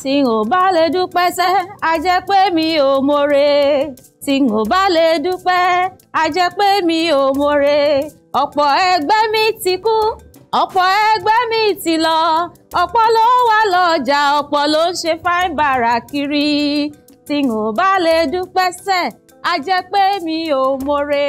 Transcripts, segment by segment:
tí n ò bá lè dúpẹ́ sẹ́ a jẹ́ pé mi ò mọ̀re tí n ò bá lè dúpẹ́ a jẹ́ pé mi ò mọ̀re ọ̀pọ̀ ẹgbẹ́ mi ti kú ọ̀pọ̀ ẹgbẹ́ mi ti lọ ọ̀pọ̀ ló wà lọ́jà ọ̀pọ̀ ló ń ṣe fáin bàrà kiri tí n ò bá lè dúpẹ́ sẹ́ a jẹ́ pé mi ò mọ̀re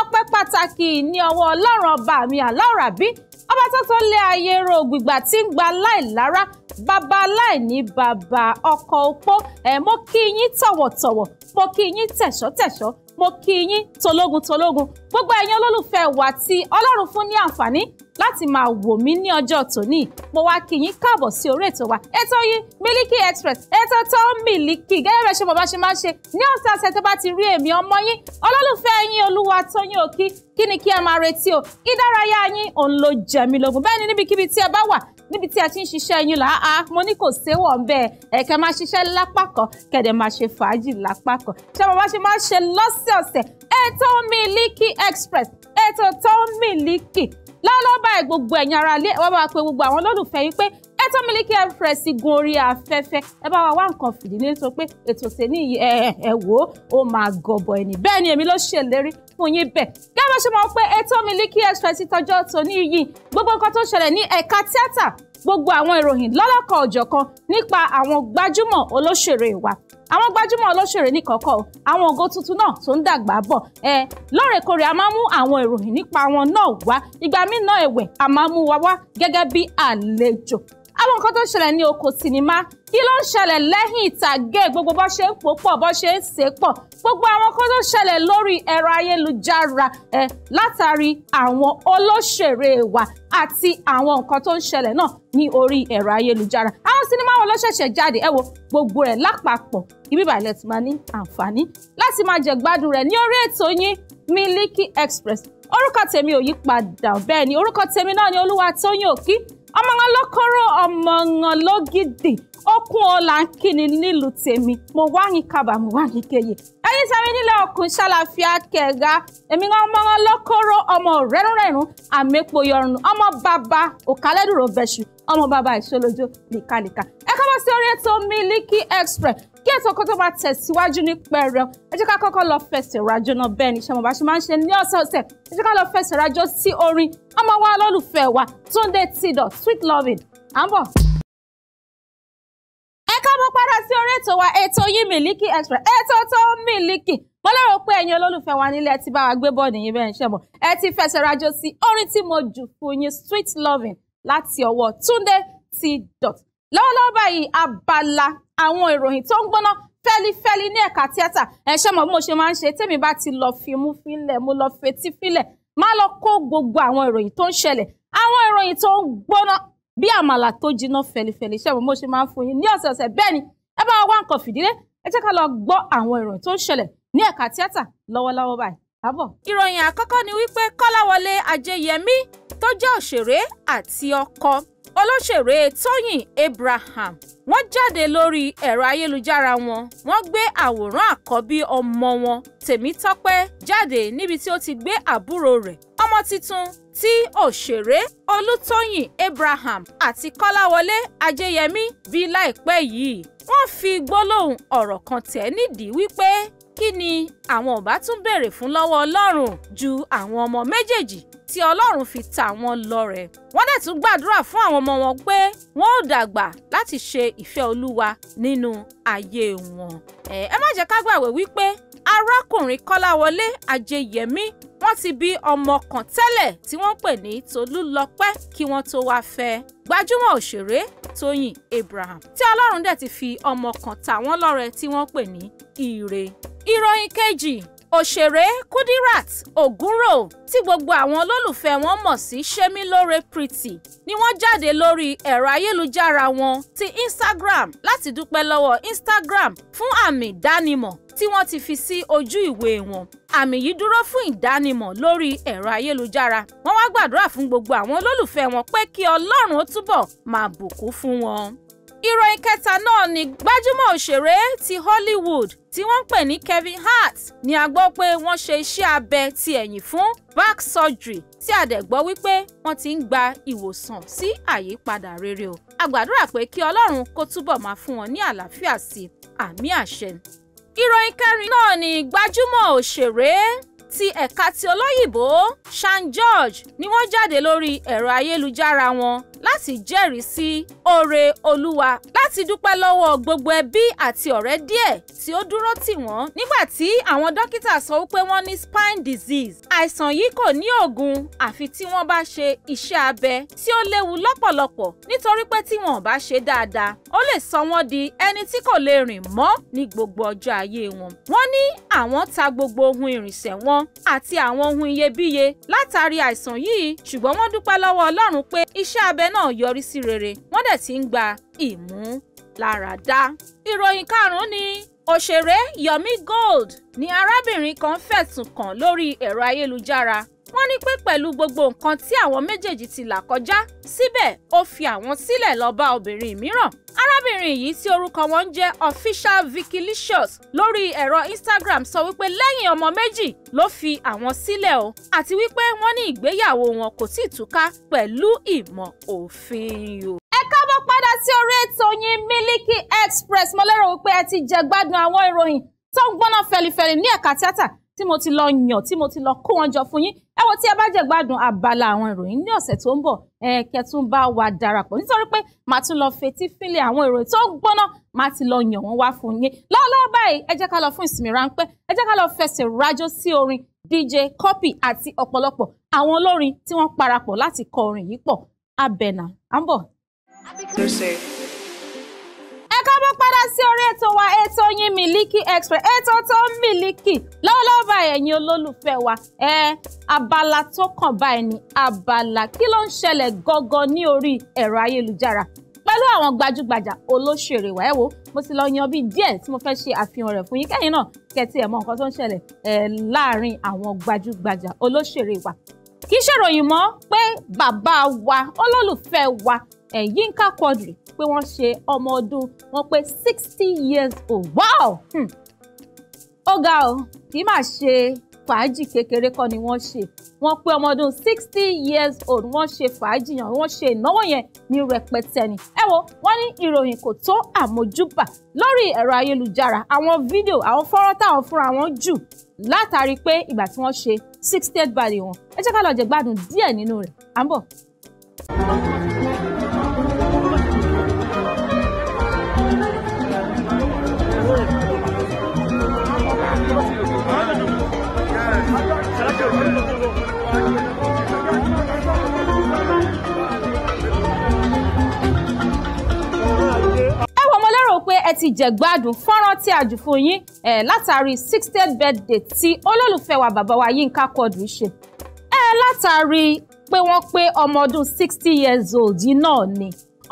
ọpẹ́ pàtàkì ní ọwọ́ ọlọ́run ọba mi àlárabí ọba tó tó lé ayé ro gbìgbà tí ń gba láìlára bàbá aláìní Baba ọkọ opó ẹ mo kí yín tọ̀wọ̀tọ̀wọ̀ mo kí yín tẹ̀ṣọ́tẹ̀ṣọ́ mo kí yín tológun tológun gbogbo ẹ̀yin olólùfẹ́ wa tí Ọlọ́run fún ní àǹfààní láti máa wò mí ní ọjọ́ tòní mo wá kí yín káàbọ̀ sí orí ètò wa ètò yìí Miliki Express ètò tó Miliki gẹ́gẹ́ bẹ́ẹ̀ ṣe bàbá ṣe máa ń ṣe ní ọ̀sẹ̀ ọ̀sẹ̀ tó bá ti rí èmi ọmọ yín olólùfẹ́ yín olúwa tóyún òkí kí ni kí ẹ máa retí o ìdárayá yín òun ló jẹ mí lógún bẹ́ẹ̀ ni níbikíbi tí ẹ bá wà níbi tí a ti ń ṣiṣẹ́ yín là á mo ní kò séwọ̀ ń bẹ́ẹ̀ ẹ̀kẹ́ máa ṣiṣẹ́ lápá kan kẹ̀dẹ̀ máa ṣe fàájì lápá kan ṣé mo bá ṣe máa ṣe lọ́sẹ̀ọ̀sẹ̀ ètò Miliki Express ètò tó Miliki lọ́wọ́lọ́wọ́ báyìí gbogbo ẹ̀yin ará ilé wọ́n bá pe gbogbo àwọn olólùfẹ́ yín pé ètò Miliki Express gun orí afẹ́fẹ́ ẹ bá wa wá nǹkan fìdílé tó pé ètò sẹ́ni ẹ wò ó máa gọbọ ẹni bẹ́ẹ̀ ni èmi ló ṣèlérí fún yín bẹ́ẹ̀ gẹ́gẹ́ bá ṣe mọ̀ pé ètò Miliki Express tọjọ́ tòní yìí gbogbo nǹkan tó ṣẹlẹ̀ ní ẹ̀ka tíátà gbogbo àwọn ìròyìn lọ́lọ́kọ̀ ọ̀jọ̀kan nípa àwọn gbajúmọ̀ olóṣèré wa àwọn gbajúmọ̀ olóṣèré nìkọ̀ọ̀kọ̀ àwọn ògo tuntun náà tó ń dàgbà bọ̀ ẹ lóòrèkóòrè a máa mú àwọn ìròyìn nípa wọn náà wá ìgbà míì náà ẹ̀wẹ̀ a máa mú wa wá gẹ́gẹ́ bí àlejò nǹkan tó ṣẹlẹ̀ ní oko sinimá kí ló ń ṣẹlẹ̀ lẹ́yìn ìtàgé gbogbo bó ṣe ń pò pọ̀ bó ṣe ń sè pọ̀ gbogbo àwọn nǹkan tó ṣẹlẹ̀ lórí ẹ̀rọ ayélujára ẹ̀ látàrí àwọn olóṣèré wa àti àwọn nǹkan tó ń ṣẹlẹ̀ náà ní orí ẹ̀rọ ayélujára àwọn sinimá wo ló jáde ẹ wo gbogbo rẹ̀ lápapọ̀ ibi ìbàlẹ̀ tí máa ní àǹfààní láti máa jẹ gbádùn rẹ̀ ní orí ètò yín Miliki Express orúkọ tèmi ò yí padà bẹ́ẹ̀ ni orúkọ tèmi náà ni Olúwatóyìn Òkí ọmọ wọn lọ́kọ́rọ́ ọmọ wọn lógìdì okun ọ̀la ń kíni nílùú tèmi mo wá yín kábà mo wá yín kéye ẹyin sáré nílẹ̀ ọkùn ṣàlàfíà kẹ̀ga èmi wọn ọmọ wọn lọ́kọ́rọ́ ọmọ rẹ́rùnrẹ́rùn àmẹ́pò yọrùn ọmọ bàbá òkàlẹ́dùrọ̀ bẹ̀ṣù ọmọ bàbá ìṣolójó líkalíka ẹ kábọ̀ sí orí ètò Miliki Express kí ètò kan tó máa tẹ̀síwájú ní pẹ̀rẹ̀ ẹ jẹ́ ká kọ́kọ́ lọ fẹsẹ̀ rájò náà bẹ́ẹ̀ ni ṣe mọ̀ bá ṣe máa ń ṣe ní ọ̀sẹ̀ọ̀sẹ̀ ẹ jẹ́ ká lọ fẹsẹ̀ rájò sí orin ọmọ wa lọ́lùfẹ́ wa Túndé Tìdọ̀ sweet loving à ń bọ̀. ẹ káàbọ̀ padà sí orí ètò wa ètò yìí Miliki Express ètò tó Miliki mo lérò pé ẹ̀yin olólùfẹ́ wa nílé ẹ ti bá wa gbé bọ́ọ̀dù yín bẹ́ẹ̀ ṣe mọ̀ ẹ ti fẹsẹ̀ rájò sí orin tí mo jù fún sweet loving láti ọwọ́ Túndé Tìdọ̀ lọ́wọ́lọ́wọ́ báyìí abala àwọn ìròyìn tó ń gbóná fẹ́lifẹ́li ní ẹ̀ka tíátà ẹ ṣe mọ̀ bí mo ṣe máa ń ṣe tèmi bá ti lọ fi mú fílẹ̀ mo lọ fetí fílẹ̀ má lọ kó gbogbo àwọn ìròyìn tó ń ṣẹlẹ̀ àwọn ìròyìn tó ń gbóná bí àmàlà tó jiná fẹ́lifẹ́li ṣe mọ̀ bí mo ṣe máa ń fún yín ní ọ̀sẹ̀ọ̀sẹ̀ bẹ́ẹ̀ ni ẹ bá wa wá nǹkan fìdílé ẹ jẹ́ ká lọ gbọ́ àwọn ìròyìn tó ń ṣẹlẹ̀ ní ẹ̀ka tíátà lọ́wọ́lọ́wọ́ báyìí àbọ̀. ìròyìn olóṣèré tóyìn abraham wọ́n jáde lórí ẹ̀rọ ayélujára wọn wọ́n gbé àwòrán àkọ́bí ọmọ wọn tèmítọ́pẹ́ jáde níbi tí ó ti gbé àbúrò rẹ̀ ọmọ tuntun tí òṣèré olútóyìn abraham àti kọ́láwọlé ajẹ́yẹmí bí láìpẹ́ yìí wọ́n fi gbólóhùn ọ̀rọ̀ kan tẹ̀ nídìí wípé kí ni àwọn ò bá tún béèrè fún lọ́wọ́ ọlọ́run ju àwọn ọmọ méjèèjì tí Ọlọ́run fi ta wọ́n lọ́rẹ. Wọ́n dẹ̀ tún gbàdúrà fún àwọn ọmọ wọn pé wọ́n ó dàgbà láti ṣe ìfẹ́ Olúwa nínú ayé wọn. Ẹ má jẹ́ ká gbàgbé wípé arákùnrin Kọ́láwọlé Ajéyẹmí wọ́n ti bí ọmọ kan tẹ́lẹ̀ tí wọ́n pè ní Tolúlọpẹ́ kí wọ́n tó wá fẹ́ gbajúmọ̀ òṣèré Tóyìn Abraham tí Ọlọ́run dẹ̀ ti fi ọmọ kan ta wọ́n lọ́rẹ tí wọ́n pè ní Ire. Ìròyìn kejì òṣèré Kudirat Ogunro tí gbogbo àwọn olólùfẹ́ wọn mọ̀ sí Ṣemilore Pretty ni wọ́n jáde lórí ẹ̀rọ ayélujára wọn ti Instagram láti dúpẹ́ lọ́wọ́ Instagram fún àmì ìdánimọ̀ tí wọ́n ti fi sí ojú ìwé wọn àmì yìí dúró fún ìdánimọ̀ lórí ẹ̀rọ ayélujára wọ́n wá gbàdúrà fún gbogbo àwọn olólùfẹ́ wọn pé kí Ọlọ́run ó túbọ̀ máa bùkún fún wọn ìròyìn kẹta náà ni gbajúmọ̀ òṣèré ti Hollywood tí wọ́n ń pè ní Kevin Hart ni a gbọ́ pé wọ́n ṣe iṣẹ́ abẹ ti ẹ̀yìn fún back surgery tí a dẹ̀ gbọ́ wípé wọ́n ti ń gba ìwòsàn sí àyípadà rere o a gbàdúrà pé kí Ọlọ́run kó túbọ̀ máa fún wọn ní àlàáfíà sí àmì àṣẹ ìròyìn kẹrin náà ni gbajúmọ̀ òṣèré ti ẹ̀ka ti olóyìnbó Sean George ni wọ́n jáde lórí ẹ̀rọ ayélujára wọn láti jẹ́rìí sí oore olúwa láti dúpẹ́ lọ́wọ́ gbogbo ẹbí àti ọ̀rẹ́ díẹ̀ tí ó dúró tì wọ́n nígbà tí àwọn dókítà sọ wípé wọ́n ní spine disease àìsàn yìí kò ní òògùn àfi tí wọ́n bá ṣe iṣẹ́ abẹ tí ó léwu lọ́pọ̀lọpọ̀ nítorí pé tí wọn ò bá ṣe dáadáa ó lè sọ wọ́n di ẹni tí kò lè rìn mọ́ ní gbogbo ọjọ́ ayé wọn. wọ́n ní àwọn ta gbogbo ohun ìrìnsẹ̀ wọn àti àwọn ohun iyebíye látàrí àìsàn yìí ṣùgbọ́n wọ́n dúpẹ́ lọ́wọ́ ọlọ́run pé iṣẹ́ abẹ náà náà yọrí sí rere wọ́n dẹ̀ ti ń gba ìmúláradá. ìròyìn karùn ni òṣèré Yomi Gold ni arábìnrin kan fẹ̀sùn kàn lórí ẹ̀rọ ayélujára wọ́n ní pé pẹ̀lú gbogbo nǹkan tí àwọn méjèèjì ti là kọjá síbẹ̀ ó fi àwọn sílẹ̀ lọ bá obìnrin mìíràn arábìnrin yìí tí orúkọ wọn ń jẹ́ official vikilicious lórí ẹ̀rọ Instagram sọ wípé lẹ́yìn ọmọ méjì ló fi àwọn sílẹ̀ o àti wípé wọ́n ní ìgbéyàwó wọn kò tí ì túká pẹ̀lú ìmọ̀ òfin o káàbọ̀ padà sí orí ètò yín Miliki Express mo lérò wípé ẹ ti jẹ gbádùn àwọn ìròyìn tó ń gbóná fẹlifẹli ní ẹ̀ka tíátà tí mo ti lọ yàn tí mo ti lọ kó wọn jọ fún yín ẹ wo tí ẹ bá jẹ gbádùn abala àwọn ìròyìn ní ọ̀sẹ̀ tó ń bọ̀ ẹ kẹtùn bá wa darapọ̀ nítorí pé màá tún lọ fetí fílẹ̀ àwọn ìròyìn tó gbóná màá ti lọ yàn wọ́n wá fún yín lọ́wọ́lọ́wọ́ báyìí ẹ jẹ́ ká lọ fún ìsinmi ráńpẹ́ ẹ jẹ́ ká lọ fẹsẹ̀ rájò sí orin DJ copy àti ọ̀pọ̀lọpọ̀ àwọn olórin tí wọ́n parapọ̀ láti kọ orin yìí pọ̀ abẹ́nà à ń bọ̀ padà sí orí ètò wa ètò yín Miliki Express ètò tó ń Miliki lọ́wọ́lọ́wọ́ bá ẹ̀yin olólùfẹ́ wa ẹ abala tó kàn báyìí ni abala kí ló ń ṣẹlẹ̀ gangan ní orí ẹ̀rọ ayélujára pẹ̀lú àwọn gbajúgbajà olóṣèré wa ẹ wo mo ti lọ yan bíi díẹ̀ tí mo fẹ́ ṣe àfihàn rẹ̀ fún yín kẹ́yìn náà kẹ́tì ẹ̀ mọ nǹkan tó ń ṣẹlẹ̀ ẹ̀ láàárín àwọn gbajúgbajà olóṣèré wa kì í ṣèròyìn mọ́ pé bàbá wa olólùfẹ́ wa Eh, Yínká Quadri pé wọ́n ṣe ọmọ ọdún wọn pé sixty years old wow hmm. ó ga o kì í mà ṣe fàájì kékeré kọ́ ni wọ́n ṣe wọ́n pé ọmọ ọdún sixty years old wọ́n ṣe fàájì yẹn wọ́n ṣe ìnáwó yẹn ní rẹpẹtẹ ni. ẹ wo wọ́n ní ìròyìn kò tó àmójúbà lórí ẹ̀rọ ayélujára àwọn fídíò àwọn fọ́nrán táwọn fúnra wọn jù látàrí pé ìgbà tí wọ́n ṣe sixtieth birthday wọn ẹ jẹ́ ká lọ jẹ gbádùn díẹ̀ nínú rẹ̀ à ń bọ̀. ẹ ti jẹ gbádùn fọ́nrán tí a jù fún yín látàrí sixtieth birthday tí olólùfẹ́ wa bàbá wa Yínká Quadri ṣe ẹ látàrí pé wọ́n pé ọmọ ọdún sixty years old yìí náà ni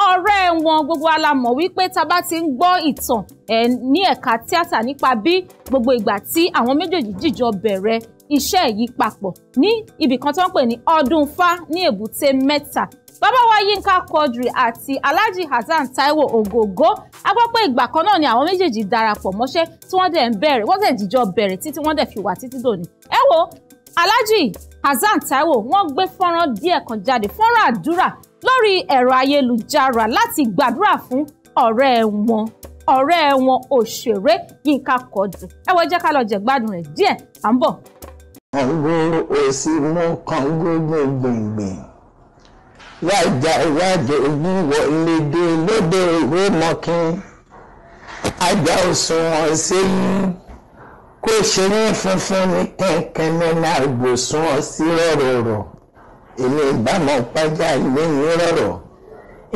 ọ̀rẹ́ wọn gbogbo alamọ̀ wípé tá a bá ti ń gbọ́ ìtàn ẹ̀ ní ẹ̀ka tíátà nípa bí gbogbo ìgbà tí àwọn méjèèjì jìjọ bẹ̀rẹ̀ iṣẹ́ yìí papọ̀ ní ibì kan tó ń pè ní ọdún fá ní èbúté mẹ́ta bàbá wa yínká quadri àti alhaji hasan taiwo ògògó a gbọ́ pé ìgbà kan náà ni àwọn méjèèjì darapọ̀ mọ́ṣẹ́ tí wọ́n dẹ̀ ń bẹ̀rẹ̀ wọ́n dẹ̀ jìjọ bẹ̀rẹ̀ títí wọ́n dẹ̀ fi wà títí dòní ẹ wo alhaji hasan taiwo wọ́n gbé fọ́nrán díẹ̀ kan jáde fọ́nrán àdúrà lórí ẹ̀rọ ayélujára láti gbàdúrà fún ọ̀rẹ́ wọn ọ̀rẹ́ wọn òṣèré yínká quadri ẹ wọ jẹ́ ká lọ jẹ gbádùn rẹ̀ díẹ̀ à ń bọ̀. àwọn òsì mú kan gbogbo gbòǹgbìn wájà ìwájà ogun wọlédè lóde ìwé mọ́kín ajá òṣùwọ̀n sẹ́yìn kó ṣe ní funfun ní kẹ̀kẹ́ mẹ́ta gbòsùn ọ̀sí rọ̀rọ̀rọ̀ èmi ìbámu pàjá ilé mi rọ̀rọ̀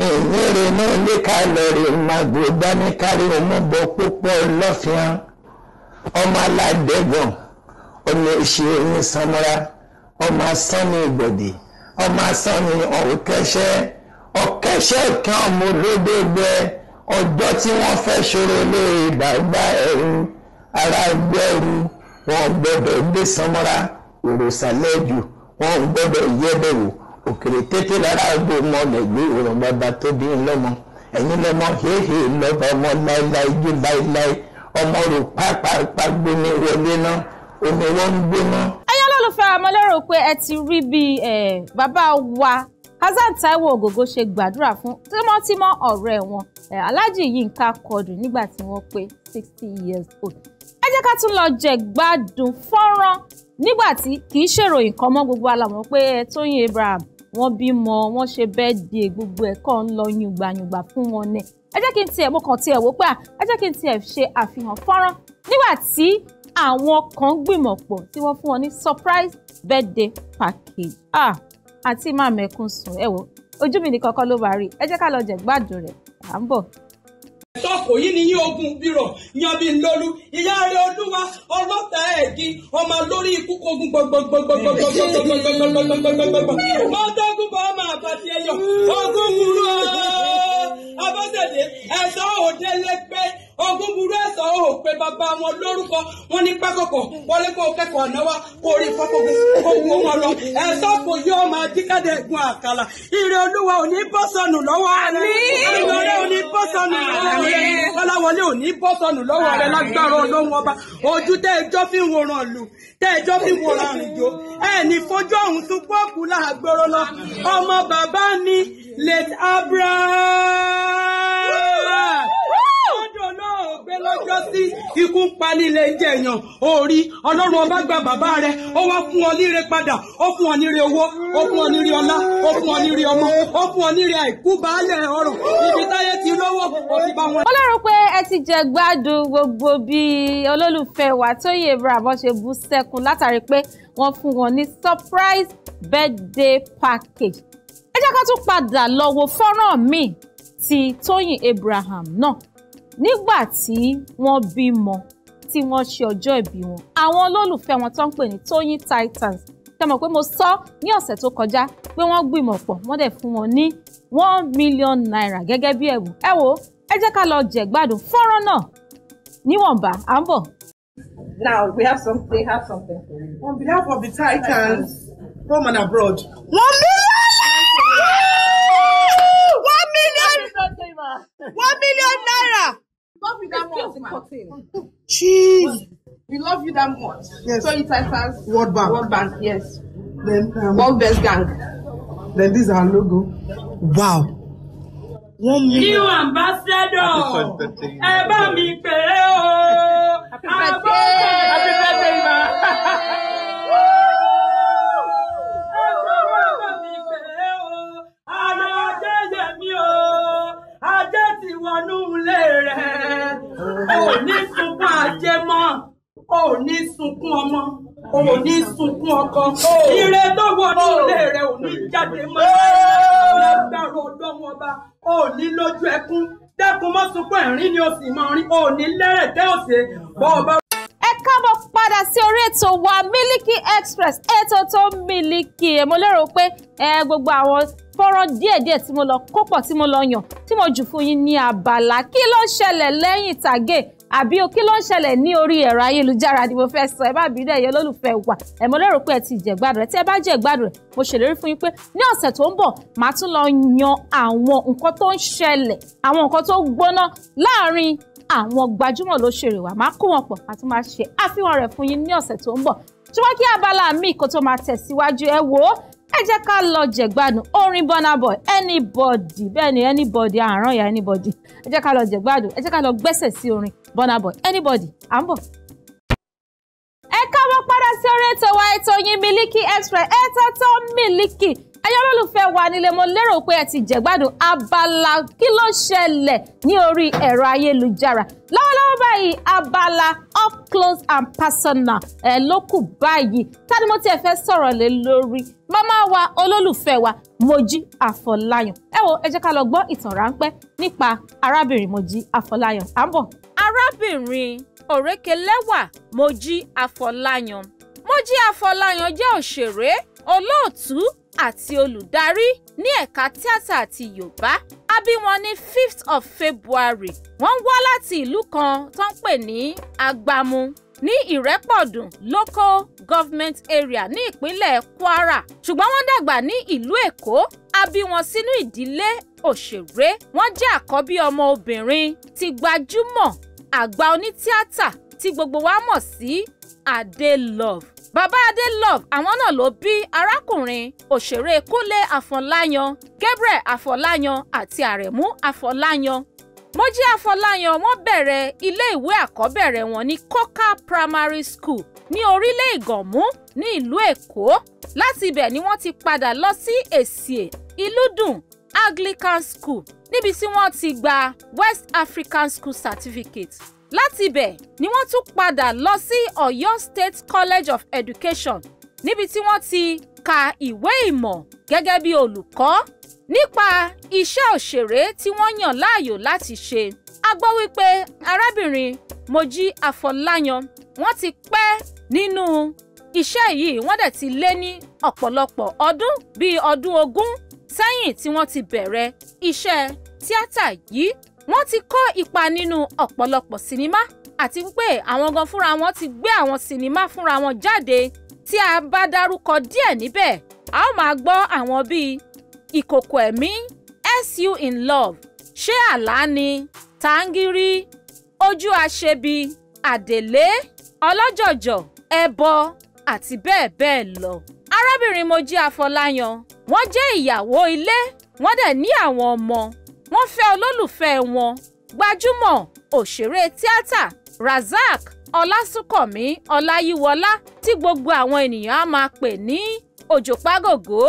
èmi rè náà lè ká lọ rè má gbé dání kárí òmùbọ̀ púpọ̀ lọ́fíàn ọmọ aládẹ́gàn ọmọ ìṣe onísanmọ́ra ọmọ asánmi ìgbọ̀dẹ̀ ọmọ asán ni ọ̀kẹ́ṣẹ́ ọ̀kẹ́ṣẹ́ kan ọmọdébẹ̀gbẹ ọjọ́ tí wọ́n fẹ́ ṣòro lé ìdàgbà ẹ̀rù ara ẹgbẹ́ ẹ̀rù wọn gbọ́dọ̀ gbé sanmọ́ra òròsàlẹ̀ jù wọn gbọ́dọ̀ yẹ́bẹ̀wò òkèrè tètè lára ọgbọ ọmọ lẹgbẹ òrùn bàbá tó bí ń lọmọ ẹyin lọmọ hehe lọba ọmọ láéláé ju láéláé ọmọ rò pàápàá gbómi wọlé náà omi wọn ń gbóná olólùfẹ́ mo lérò pé ẹ ti rí bí bàbá wa Hasan Taiwo Ògògó ṣe gbàdúrà fún tímọ́tímọ́ ọ̀rẹ́ wọn Alhaji Yinka Quadri nígbà tí wọ́n pé sixty years old ẹ jẹ́ ká tún lọ jẹ gbádùn fọ́nrán nígbà tí kì í ṣèròyìn kan mọ́ gbogbo aláwọ̀ pé Tóyìn Abraham wọ́n bímọ wọ́n ṣe birthday gbogbo ẹ̀kọ́ ń lọ yùngbàyùngbà fún wọn nẹ̀ ẹ jẹ́ kí n tiẹ̀ mo kàn tiẹ̀ wò pé ẹ jẹ́ kí n tiẹ̀ ṣe àfihàn fọ́nrán nígbà tí àwọn kan gbìmọ̀ pọ̀ tí wọ́n fún wọn ní surprise birthday package ah àti máa mẹ̀kún sùn ẹ wò ojú mi ní kọ́kọ́ ló bá rí ẹ jẹ́ ká lọ jẹ̀ gbádùn rẹ̀ à ń bọ̀ tọkọ yìí ni yín ogun bírọ yanbi lólu ìyá rẹ olúwa ọlọ́tà ẹ̀gín ọmọ lórí ikú kogun ogún burú ẹ̀sán ò pé bàbá wọn lórúkọ wọn ní pákọ̀kọ̀ wọlé kó kẹ́kọ̀ọ́ ànáwá kó rí kọ́kọ́ kó wú wọn lọ ẹ̀sán kò yọ ọmọ adíkàdé ẹ̀gún àkàlà ire olúwa ò ní bọ́ sọnù lọ́wọ́ rẹ ìrọ̀lẹ́ ò ní bọ́ sọnù lọ́wọ́ rẹ ọláwọlé ò ní bọ́ sọnù lọ́wọ́ rẹ lágbára ọlọ́run ọba ojú tẹ́ ẹjọ́ fi ń wòran lù tẹ́ ẹjọ́ fi ń wòran àrìnjó ẹ̀ ní fojú ọ̀hún tún pọ́ọ̀kù láàgbọ́rọ́ lọ ọmọ bàbá ni late Abraham lọ́jọ́ sí ikú ń pa nílé jẹ́ èèyàn orí ọlọ́run ọba gba bàbá rẹ ó wá fún ọ níre padà ó fún ọ níre owó ó fún ọ níre ọlá ó fún ọ níre ọmọ ó fún ọ níre àìkú baálẹ̀ ọrọ̀ ibi táyé ti lówó kò sí bá wọn. ó pé ẹ ti jẹ gbádùn gbogbo bí olólùfẹ́ wa Tóyè Abraham ṣe bú sẹ́kùn látàrí pé wọ́n fún wọn ní surprise birthday package ẹ jẹ́ ká tún padà lọ wo fọ́nrán míì ti Tóyìn Abraham náà. No nígbà tí wọ́n bímọ tí wọ́n ṣe ọjọ́ ìbí wọn àwọn olólùfẹ́ wọn tó ń pè ní Tóyìn Titans ṣe mọ̀ pé mo sọ ní ọ̀sẹ̀ tó kọjá pé wọ́n gbìmọ̀ pọ̀ wọ́n dẹ̀ fún wọn ní one million naira gẹ́gẹ́ bí ẹ̀bùn ẹ wo ẹ jẹ́ ká lọ jẹ̀gbádùn fọ́nrán náà níwọ̀nba à ń bọ̀. Now we have something, have something On behalf of the Titans, home abroad. One million. 14. Jeez. We love you that much. Yes. So it has World Bank. World Bank, yes. Then um, World Best Gang. Then this is our logo. Wow. One million. New ambassador. Ẹ bá mi pè Happy birthday. Happy birthday. sunkún ọmọ o ò ní sunkún ọkọ ire tó wọ ní ilé rẹ ò ní jáde mọ́ lágbára ọdọmọba o ò ní lójú ẹkún dẹ́kun mọ́ sunkún ẹ̀rín ni o sì máa rí o ò ní lẹ́rẹ̀ tẹ́ òsè bọ́ ọba. ẹ káàbọ̀ padà sí orí ètò wa Miliki Express ètò tó miliki mo lérò pé gbogbo àwọn fọ́nrán díẹ̀díẹ̀ tí mo lọ kópọ̀ tí mo lọ yàn tí mo jù fún yín ní abala kí ló ṣẹlẹ̀ lẹ́yìn ìtàgé àbí o kí ló ń ṣẹlẹ̀ ní orí ẹ̀rọ ayélujára ni mo fẹ́ sọ ẹ bá bínú ẹ̀yẹ lólùfẹ́ wa ẹ̀ mo lérò pé ẹ ti jẹ̀gbádùn rẹ̀ tí ẹ bá jẹ̀gbádùn rẹ̀ mo ṣèlérí fún yín pé ní ọ̀sẹ̀ tó ń bọ̀ màá tún lọ yan àwọn nǹkan tó ń ṣẹlẹ̀ àwọn nǹkan tó gbóná láàrin àwọn gbajúmọ̀ lóṣèré wa máa kó wọn pọ̀ àti máa ṣe àfihàn rẹ̀ fún yín ní ọ̀sẹ̀ tó ń bọ̀ ṣùgbọ́n kí abala mi kó tó máa tẹ̀síwájú ẹ wò ó ẹ jẹ́ ká lọ jẹ̀gbádùn orin Burna Boy anybody bẹ́ẹ̀ ni anybody àrán ya anybody ẹ jẹ́ ká lọ jẹ̀gbádùn ẹ jẹ́ ká lọ gbẹ́sẹ̀ sí orin burna boy anybody à ń bọ̀. ẹ káwọ́ padà sí orí ètò wa ètò yín Miliki Express ètò tó Miliki ẹyọ olólùfẹ́ wa nílé mo lérò pé ẹ ti jẹ̀gbádùn abala kí ló ṣẹlẹ̀ ní orí ẹ̀rọ ayélujára lọ́wọ́lọ́wọ́ báyìí abala up close and personal ẹ ló kù báyìí ta ni mo tiẹ̀ fẹ́ sọ̀rọ̀ lé lórí màmá wa olólùfẹ́ wa Mojí Afọláyàn ẹ wo ẹ jẹ́ ká lọ gbọ́ ìtàn ráńpẹ́ nípa arábìnrin Mojí Afọláyàn à ń bọ̀ arábìnrin òrékelẹ́wà mojí afọláyan mojí afọláyan jẹ́ òṣèré olóòtú àti olùdarí ní ẹ̀ka tíátà àti yorùbá a bí wọn ní fifth of february wọ́n wá láti ìlú kan tó ń pè ní agbamu ní ìrẹ́pọ̀dùn local government area ní ìpínlẹ̀ kwara ṣùgbọ́n wọ́n dàgbà ní ìlú èkó a bí wọn sínú ìdílé òṣèré wọ́n jẹ́ àkọ́bí ọmọ obìnrin ti gbajúmọ̀ àgbà onítíátà tí gbogbo wa mọ̀ sí baba bàbá love àwọn náà ló bí arákùnrin òṣèré Kúnlé Afọláyan Gabriel Afọláyan àti Àrẹ̀mú mo Mójí Afọláyan wọ́n bẹ̀rẹ̀ ilé ìwé àkọ́bẹ̀rẹ̀ wọn ní Coker Primary School ní orílẹ̀ Ìgànmú ní ìlú Èkó láti ibẹ̀ ni wọ́n ti padà lọ sí Èsìè Ìlúdùn Anglican School níbi tí wọ́n ti gba West African School Certificate láti ibẹ̀ ni wọ́n tún padà lọ sí Ọ̀yọ́ State College of Education níbi tí wọ́n ti ka ìwé ìmọ̀ gẹ́gẹ́ bí olùkọ́ nípa iṣẹ́ òṣèré tí wọ́n yàn láàyò láti ṣe a gbọ́ wípé arábìnrin Mojí Afọláyan wọ́n ti pẹ́ nínú iṣẹ́ yìí wọ́n dẹ̀ ti lé ní ọ̀pọ̀lọpọ̀ ọdún bíi ọdún ogún sẹ́yìn tí wọ́n ti bẹ̀rẹ̀ iṣẹ́ tíátà yìí wọ́n ti kó ipa nínú ọ̀pọ̀lọpọ̀ sinimá àti pé àwọn gan fúnra wọn ti gbé àwọn sinimá fúnra wọn jáde tí a bá dárúkọ díẹ̀ níbẹ̀ a ó máa gbọ́ àwọn bíi ìkòkò ẹ̀mí su in love ṣé àlá ni tangiri ojú aṣebi àdèlé ọlọ́jọ̀jọ̀ ẹbọ àti bẹ́ẹ̀ bẹ́ẹ̀ lọ arábìnrin Mojí Afọláyan wọ́n jẹ́ ìyàwó ilé wọ́n dẹ̀ ní àwọn ọmọ wọ́n fẹ́ olólùfẹ́ wọn gbajúmọ̀ òṣèré tíátà Razak Ọlásùnkànmí Ọláyíwọlá tí gbogbo àwọn ènìyàn á máa pè ní Òjòpágògó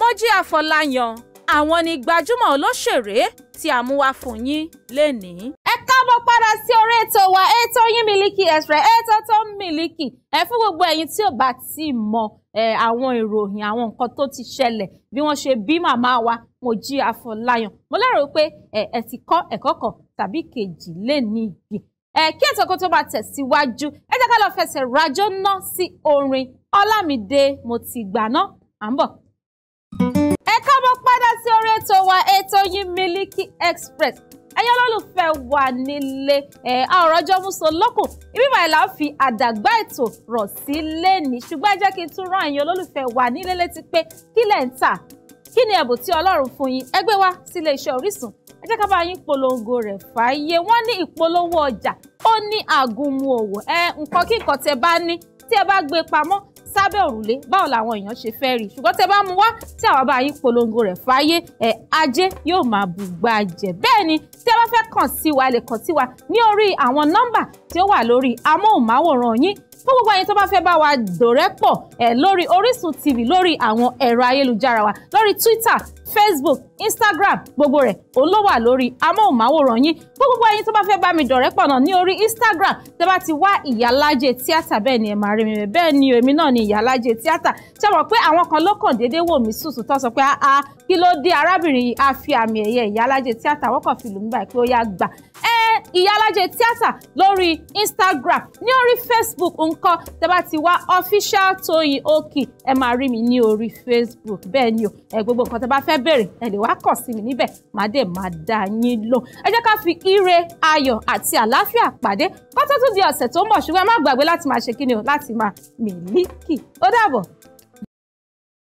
Mojí Afọláyan àwọn ni gbajúmọ̀ olóṣèré tí a mú wá fún yín lénìí káàbọ̀ padà sí orí ètò wa ètò yín Miliki Express ètò tó ń miliki ẹ fún gbogbo ẹ̀yin tí ò bá ti mọ̀ Eh, àwọn ìròyìn àwọn nǹkan tó ti ṣẹlẹ̀ bí wọ́n ṣe bí màmá wa Mojí Afọláyàn mo lérò pé ẹ ti kọ́ ẹ̀kọ́ kan tàbí kejì lé ní ìgbì kí ètò kan tó bá tẹ̀síwájú ẹ jẹ́ ká lọ fẹsẹ̀ rajó ná sí orin Ọlámídé mo ti gbà à ń bọ̀ ẹ káàbọ̀ padà sí orí ètò wa ètò yín Miliki Express ẹ̀yin olólùfẹ́ wa nílé ẹ̀ àwòránjọ́ múso lọ́kùn ibi báyìí la fi àdàgbà ètò rọ̀ sí lẹ́ni ṣùgbọ́n ẹ jẹ́ kí n tún rán ẹ̀yin olólùfẹ́ wa nílé létí pé kílẹ̀ ń tà kí ni ẹ̀bùn tí ọlọ́run fún yín ẹ gbé wá sílé iṣẹ́ Orísun ẹ jẹ́ ká bá yín polongo rẹ̀ fàáyé wọ́n ní ìpolówó ọjà ó ní àgùnmu òwò ẹ nǹkan kí nǹkan tẹ bá ní tí ẹ bá gbé pamọ́ sábẹ́ òrùlé báwo làwọn èèyàn ṣe fẹ́ rí ṣùgbọ́n tẹ bá mú wá tí àwa bá yín polongo rẹ̀ fáyé ẹ̀ ajé yóò máa bùgbà jẹ́ bẹ́ẹ̀ ni tí ẹ bá fẹ́ kàn sí wa lè kàn sí wa ní orí àwọn nọ́mbà tí ó wà lórí amóhùnmáwòrán yín fún gbogbo ẹ̀yin tó bá fẹ́ bá wa dọ̀rẹ́ pọ̀ ẹ̀ lórí Orísun TV lórí àwọn ẹ̀rọ ayélujára wa lórí Twitter Facebook Instagram gbogbo rẹ̀ òun ló wà lórí amóhùnmáwòrán yín fún gbogbo ẹ̀yin tó bá fẹ́ bá mi dọ̀rẹ́ pọ̀ náà ní orí Instagram tẹ́ bá ti wá ìyálájẹ tíátà bẹ́ẹ̀ ni ẹ̀ máa rí mi bẹ́ẹ̀ ni èmi náà ni ìyálájẹ tíátà ṣe mọ̀ pé àwọn kan lọ́kàn déédéé wò mí sùsù tó sọ pé a kí ló dé arábìnrin yìí a fi àmì ẹ̀yẹ ìyálájẹ tíátà wọ́n ìyálájẹ tíátà lórí instagram ní orí facebook ńkọ́ tẹ́ bá ti wá official Tóyìn Òkì ẹ máa rí mi ní orí facebook bẹ́ẹ̀ ni o ẹ gbogbo nǹkan tẹ́ bá fẹ́ béèrè ẹ lè wá kàn sí mi níbẹ̀ màá dé màá dá yín lò ẹ jẹ́ ká fi ire ayọ̀ àti àlàáfíà pàdé kó tó di ọ̀sẹ̀ tó ń bọ̀ ṣùgbọ́n ẹ má gbàgbé láti máa ṣe kíni o láti máa mílíkì ó dàbọ̀.